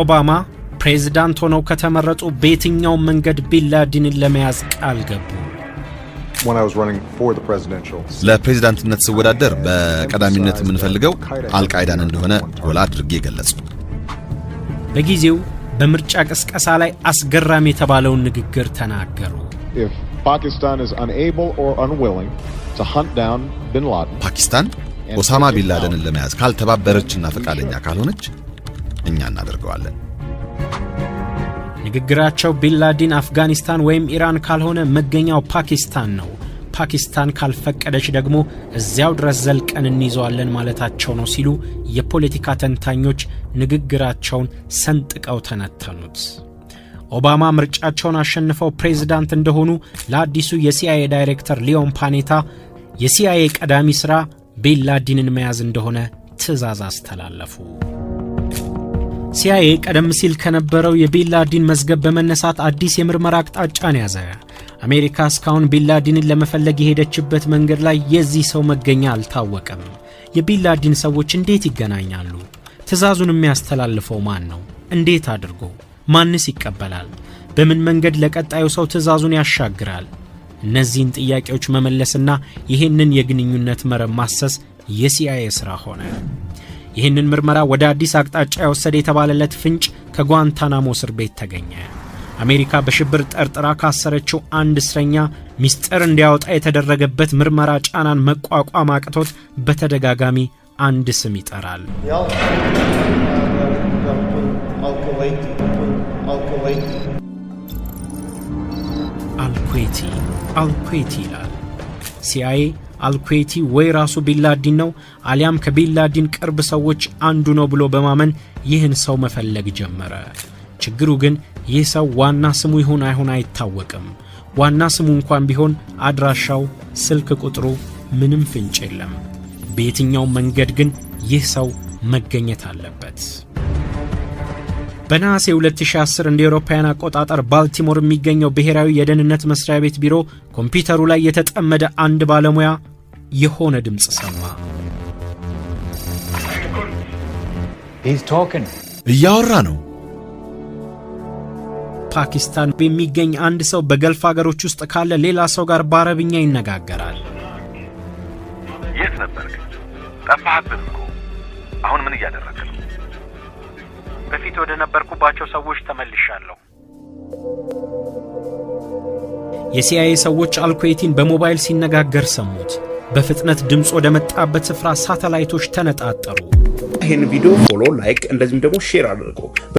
ኦባማ ፕሬዝዳንት ሆነው ከተመረጡ በየትኛው መንገድ ቢንላዲንን ለመያዝ ቃል ገቡ። ለፕሬዝዳንትነት ስወዳደር በቀዳሚነት የምንፈልገው አልቃይዳን እንደሆነ ጎላ አድርጌ ገለጹ። በጊዜው በምርጫ ቅስቀሳ ላይ አስገራሚ የተባለውን ንግግር ተናገሩ። ፓኪስታን ኦሳማ ቢንላደንን ለመያዝ ካልተባበረችና ፈቃደኛ ካልሆነች እኛ እናደርገዋለን። ንግግራቸው ቢንላዲን አፍጋኒስታን ወይም ኢራን ካልሆነ መገኛው ፓኪስታን ነው፣ ፓኪስታን ካልፈቀደች ደግሞ እዚያው ድረስ ዘልቀን እንይዘዋለን ማለታቸው ነው ሲሉ የፖለቲካ ተንታኞች ንግግራቸውን ሰንጥቀው ተነተኑት። ኦባማ ምርጫቸውን አሸንፈው ፕሬዝዳንት እንደሆኑ ለአዲሱ የሲአይኤ ዳይሬክተር ሊዮን ፓኔታ የሲአይኤ ቀዳሚ ሥራ ቢንላዲንን መያዝ እንደሆነ ትዕዛዝ አስተላለፉ። ሲአይኤ ቀደም ሲል ከነበረው የቢንላዲን መዝገብ በመነሳት አዲስ የምርመራ አቅጣጫን ያዘ። አሜሪካ እስካሁን ቢንላዲንን ለመፈለግ የሄደችበት መንገድ ላይ የዚህ ሰው መገኛ አልታወቀም። የቢንላዲን ሰዎች እንዴት ይገናኛሉ? ትዕዛዙን የሚያስተላልፈው ማን ነው? እንዴት አድርጎ? ማንስ ይቀበላል? በምን መንገድ ለቀጣዩ ሰው ትዕዛዙን ያሻግራል? እነዚህን ጥያቄዎች መመለስና ይህንን የግንኙነት መረብ ማሰስ የሲአይኤ ሥራ ሆነ። ይህንን ምርመራ ወደ አዲስ አቅጣጫ የወሰደ የተባለለት ፍንጭ ከጓንታናሞ እስር ቤት ተገኘ። አሜሪካ በሽብር ጠርጥራ ካሰረችው አንድ እስረኛ ሚስጥር እንዲያወጣ የተደረገበት ምርመራ ጫናን መቋቋም አቅቶት በተደጋጋሚ አንድ ስም ይጠራል። አልኩዌቲ አልኩዌቲ ይላል ሲአይኤ አልኩዌቲ ወይ ራሱ ቢንላዲን ነው አሊያም ከቢንላዲን ቅርብ ሰዎች አንዱ ነው ብሎ በማመን ይህን ሰው መፈለግ ጀመረ። ችግሩ ግን ይህ ሰው ዋና ስሙ ይሁን አይሁን አይታወቅም። ዋና ስሙ እንኳን ቢሆን አድራሻው፣ ስልክ ቁጥሩ ምንም ፍንጭ የለም። በየትኛው መንገድ ግን ይህ ሰው መገኘት አለበት። በነሐሴ 2010 እንደ አውሮፓውያን አቆጣጠር ባልቲሞር የሚገኘው ብሔራዊ የደህንነት መስሪያ ቤት ቢሮ ኮምፒውተሩ ላይ የተጠመደ አንድ ባለሙያ የሆነ ድምፅ ሰማ። እያወራ ነው። ፓኪስታን የሚገኝ አንድ ሰው በገልፍ ሀገሮች ውስጥ ካለ ሌላ ሰው ጋር በአረብኛ ይነጋገራል። የት ነበርክ? ጠፋህብን እኮ። አሁን ምን እያደረግክ ነው? በፊት ወደ ነበርኩባቸው ሰዎች ተመልሻለሁ። የሲአይኤ ሰዎች አልኩዌቲን በሞባይል ሲነጋገር ሰሙት። በፍጥነት ድምፅ ወደመጣበት ስፍራ ሳተላይቶች ተነጣጠሩ። ይህን ቪዲዮ ፎሎ፣ ላይክ እንደዚሁም ደግሞ ሼር አድርጎ